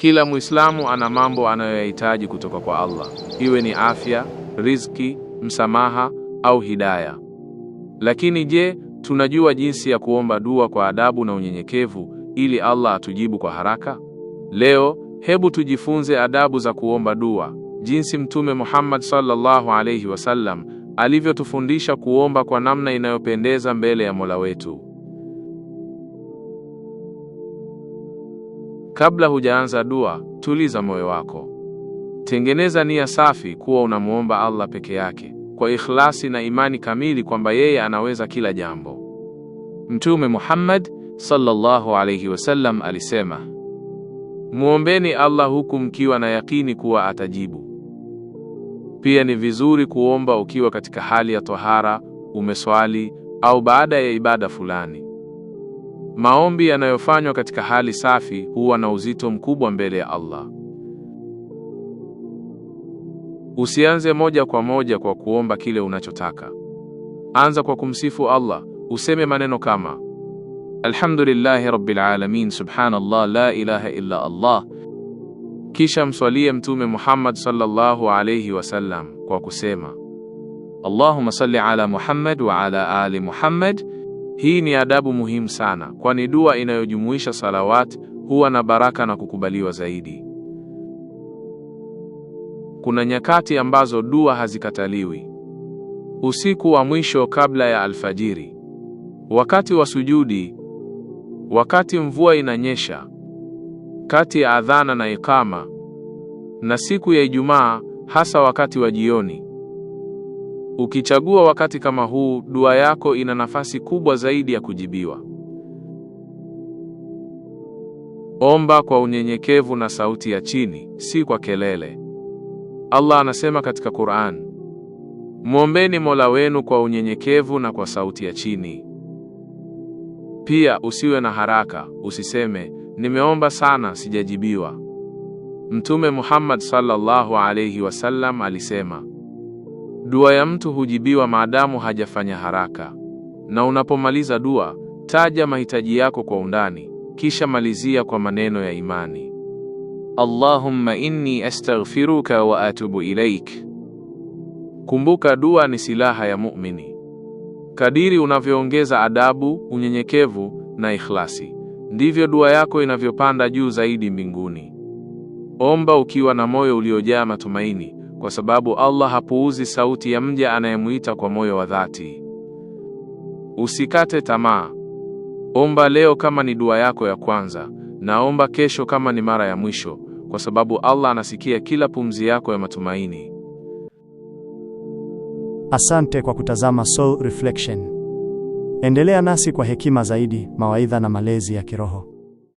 Kila Mwislamu ana mambo anayoyahitaji kutoka kwa Allah, iwe ni afya, riziki, msamaha au hidaya. Lakini je, tunajua jinsi ya kuomba dua kwa adabu na unyenyekevu ili Allah atujibu kwa haraka? Leo hebu tujifunze adabu za kuomba dua, jinsi Mtume Muhammad sallallahu alayhi wasallam alivyotufundisha kuomba kwa namna inayopendeza mbele ya Mola wetu. Kabla hujaanza dua, tuliza moyo wako. Tengeneza nia safi kuwa unamuomba Allah peke yake kwa ikhlasi na imani kamili kwamba yeye anaweza kila jambo. Mtume Muhammad sallallahu alayhi wasallam alisema, muombeni Allah huku mkiwa na yakini kuwa atajibu. Pia ni vizuri kuomba ukiwa katika hali ya tohara, umeswali au baada ya ibada fulani. Maombi yanayofanywa katika hali safi huwa na uzito mkubwa mbele ya Allah. Usianze moja kwa moja kwa kuomba kile unachotaka. Anza kwa kumsifu Allah. Useme maneno kama alhamdulillahi rabbil alamin, subhanallah, la ilaha illa Allah. Kisha mswalie Mtume Muhammad sallallahu alayhi wasallam kwa kusema Allahumma salli ala Muhammad wa ala ali Muhammad hii ni adabu muhimu sana, kwani dua inayojumuisha salawat huwa na baraka na kukubaliwa zaidi. Kuna nyakati ambazo dua hazikataliwi. Usiku wa mwisho kabla ya alfajiri, wakati wa sujudi, wakati mvua inanyesha, kati ya adhana na ikama, na siku ya Ijumaa, hasa wakati wa jioni. Ukichagua wakati kama huu, dua yako ina nafasi kubwa zaidi ya kujibiwa. Omba kwa unyenyekevu na sauti ya chini, si kwa kelele. Allah anasema katika Qur'an, mwombeni Mola wenu kwa unyenyekevu na kwa sauti ya chini. Pia usiwe na haraka, usiseme nimeomba sana sijajibiwa. Mtume Muhammad sallallahu alayhi wasallam alisema Dua ya mtu hujibiwa maadamu hajafanya haraka. Na unapomaliza dua, taja mahitaji yako kwa undani, kisha malizia kwa maneno ya imani. Allahumma inni astaghfiruka wa atubu ilaik. Kumbuka, dua ni silaha ya mumini Kadiri unavyoongeza adabu, unyenyekevu na ikhlasi, ndivyo dua yako inavyopanda juu zaidi mbinguni. Omba ukiwa na moyo uliojaa matumaini, kwa sababu Allah hapuuzi sauti ya mja anayemwita kwa moyo wa dhati. Usikate tamaa. Omba leo kama ni dua yako ya kwanza, naomba kesho kama ni mara ya mwisho, kwa sababu Allah anasikia kila pumzi yako ya matumaini. Asante kwa kutazama Soul Reflection. Endelea nasi kwa hekima zaidi, mawaidha na malezi ya kiroho.